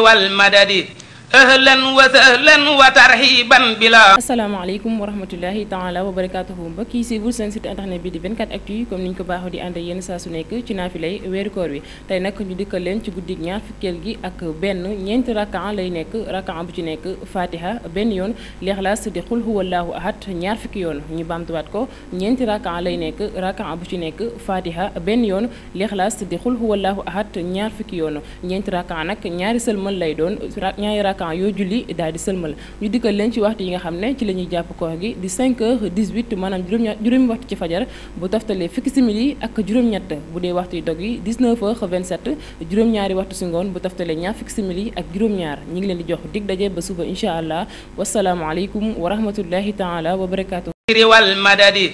wal madadi ahlan wa sahlan wa la bila asalaamaaleykum wa rahmatullahi taala wa barakaatuhu mbokk yi siiwul seen site internet bi di 24 actu yi comme ni ñu ko baaxoo di ànd ak yéen saa su nekk ci naafilay weeru koor wi tey nag ñu dikkal leen ci guddig ñaar fukkeel gi ak benn ñeenti rakan lay nekk rakan bu ci nekk fatiha benn yoon lexlaas di xul huwallahu ahad ñaar fukki yoon ñu baamtuwaat ko ñeenti rakan lay nekk rakan bu ci nekk fatiha benn yoon lexlaas di xul huwallahu ahad ñaar fukki yoon ñeenti rakan nag ñaari sëlmal lay doon ñaari rakan yoo julli daal di sëlmal ñu dikkal leen ci waxtu yi nga xam ne ci la jàpp koor gi di 5 heures 18 maanaam juróom juróomi waxtu ci fajar bu toftalee fukki ak juróom ñaar ñi ngi leen di jox dig daje ba suba incha allah wasalaamualeykum wa rahmatullahi taala wa barakaatu. riwal madadi